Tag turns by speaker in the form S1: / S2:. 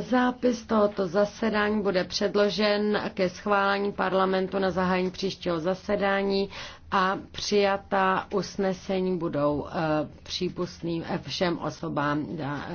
S1: Zápis tohoto zasedání bude předložen ke schválení parlamentu na zahájení příštího zasedání a přijatá usnesení budou eh, přípustným eh, všem osobám. Eh,